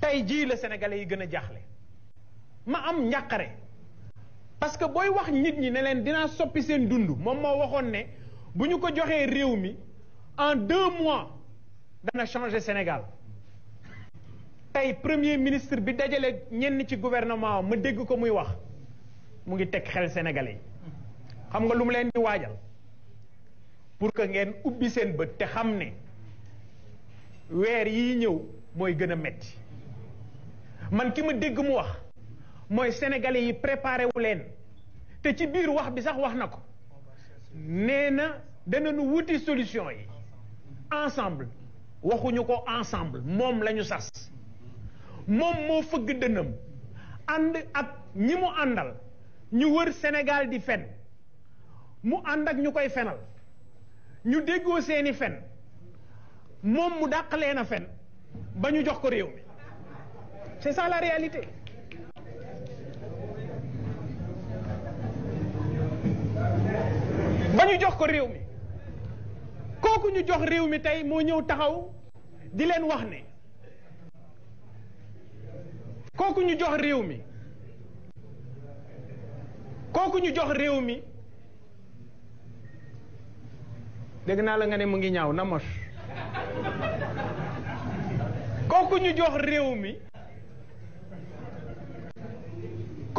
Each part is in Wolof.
tey jii la sénégalais yi gën a jaaxle ma am njàqare parce que booy wax nit ñi ne leen dinaa soppi seen dund moom moo waxoon ne bu ñu ko joxee réew mi en deux mois na changer Sénégal tey premier ministre bi dajale ñenn ci gouvernement ma dégg ko muy wax mu ngi teg xel sénégalais yi xam nga lu mu leen di waajal pour que ngeen ubbi seen bët te xam ne weer yii ñëw mooy gën a metti man ki ma dégg mu wax mooy sénégalais yi préparé wu leen te ci biir wax bi sax wax na ko nee na nu wuti solution yi ensemble waxuñu ko ensemble moom lañu sas moom moo fëgg dënam ànd ak ñi mu àndal ñu wër Sénégal di fen mu ànd ak ñu koy fenal ñu déggoo seeni fen moom mu dàq a fen ba ñu jox ko réew C'est ça la réalité. ba jox ko réew mi kooku ñu jox réew mi tey moo ñëw taxaw di leen wax ne kooku ñu jox réew mi kooku ñu jox réew mi dégg naa la nga ne mu ngi ñaaw na mi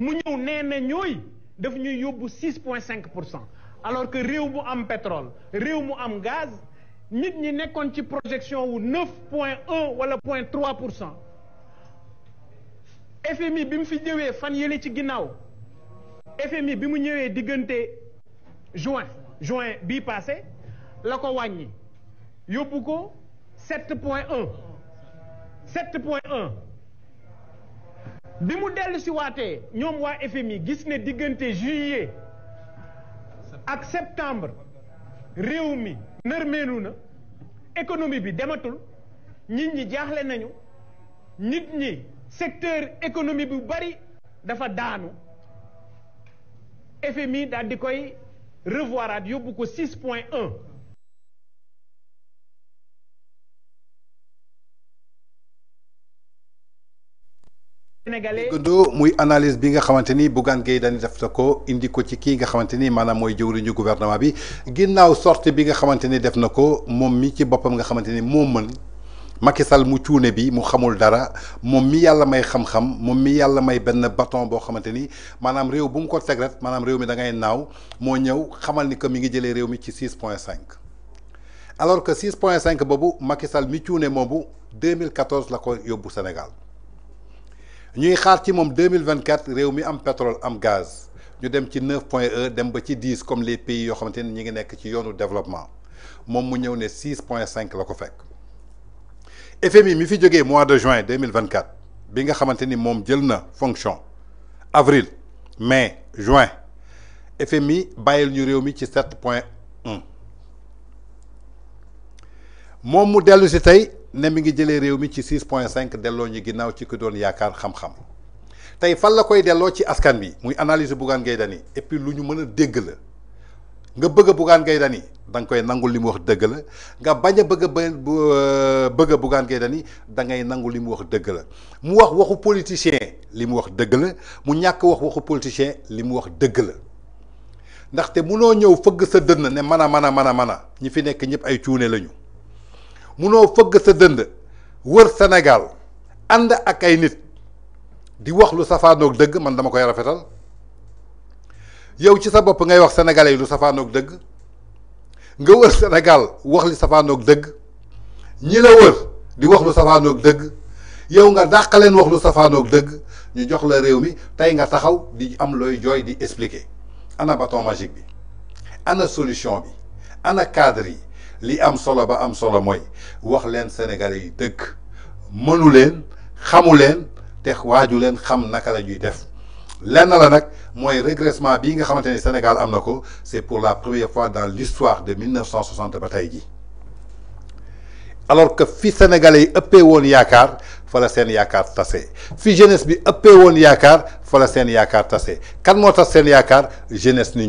nous avons devenus 6,5%. Alors que nous avons pétrole, nous avons gaz, nous avons une projection de 9,1% ou 0,3%. FMI, bim fi dit, fany avons ci ginaaw FMI, bim ñëwé digënté juin, juin bi passé, lako wañi. Yobuko 7.1 7.1 bi mu dellu si waatee ñoom waa FMI gis ne diggante juillet ak septembre réew mi nërmeenu na économie bi dematul nit ñi jaaxle nañu nit ñi secteur économie bu bari dafa daanu FMI daal di koy revoiraat yóbbu ko 6 point 1 gëndoo muy analise bi nga xamante ni Bougane Gueye Dany def na ko indi ko ci kii nga xamante ni maanaam mooy ñu gouvernement bi ginnaaw sortie bi nga xamante ni def na ko moom mi ci boppam nga xamante ni moo mën Macky Sall mu cuune bi mu xamul dara moom mi yàlla may xam-xam moom mi yàlla may benn baton boo xamante ni maanaam réew bu mu ko teg maanaam réew mi da ngay naaw moo ñëw xamal ni que mi ngi jëlee réew mi ci 6 point alors que 6 point boobu Macky Sall mi cuune moomu 2014 la ko yóbbu Sénégal Nous avons en 2024 nous mi am pétrole am gaz Nous dem ci 9.1, 10 comme les pays qui ont ni le développement Nous avons ñëw 6.5. 6 FMI mi mois de juin 2024 bi nga xamante le moom de fonction avril mai juin FMI nous ñu réew mi 7,1. Mon modèle de ne mi ngi jëlee réew mi ci six point cinq delloo ñu ginnaaw ci ku doon yaakaar xam-xam tey fan la koy delloo ci askan bi muy analyse Bougane Gueye Dany puis lu ñu mën a dégg la nga bëgg a Bougane Gueye da nga koy nangul li mu wax dëgg la nga bañ a bëgg a euh, bëgg a Bougane Gueye da ngay nangu li mu wax dëgg la mu wax waxu politicien li mu wax dëgg la mu ñàkk wax waxu politicien li mu wax dëgg la ndaxte munoo ñëw fëgg sa dënn ne mana mana mana mana ñi fi nekk ñëpp ay cuune lañu munoo fëgg sa dënd wër Sénégal ànd ak ay nit di wax lu safaanoog dëgg man dama koy rafetal yow ci sa bopp ngay wax sénégalais yi lu safaanoog dëgg nga wër Sénégal wax li safaanoog dëgg ñi la wër di wax lu safaanoog dëgg yow nga dàq leen wax lu safaanoog dëgg ñu jox la réew mi tey nga taxaw di am looy jooy di expliquer ana bâton magique bi ana solution bi ana cadre yi li am solo ba am solo moy wax len sénégalais yi dëgg mënu len xamu leen te waaju leen xam naka la ñuy def lenn la nak moy régressement bi nga xamante Sénégal am nako c'est pour la première fois dans l'histoire de 1960 ba ji alors que fi sénégalais yi ëppee woon yaakaar fa la seen yaakar tassé fi jeunesse bi ëppé won yaakar fa la seen yaakar tassé kan mo tass seen yaakar jeunesse ni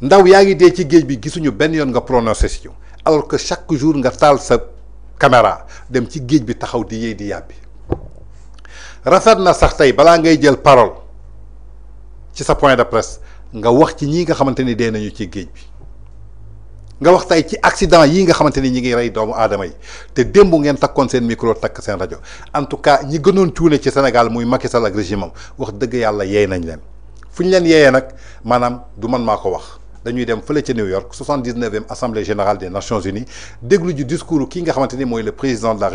ndaw yaa ngi dee ci géej bi gisuñu benn yoon nga prononciation alors que chaque jour nga taal sa caméra dem ci géej bi taxaw di yéey di yàbbi rafet na sax tey balaa ngay jël parole ci sa point de presse nga wax ci ñii nga xamante ni dee nañu ci géej bi nga wax tey ci accident yi nga xamante ni ñi ngi rey doomu aadama yi te démb ngeen takkoon seen micro takk seen rajo en tout cas ñi gënoon cuune ci Sénégal muy Macky Sall ak régime am wax dëgg yàlla yee nañ leen fu ñu leen yeeyee nag maanaam du man maa ko wax. dañuy dem fële de New York 79e assemblée générale des Nations Unies déglu du discours ki nga xamanteni le président de la République.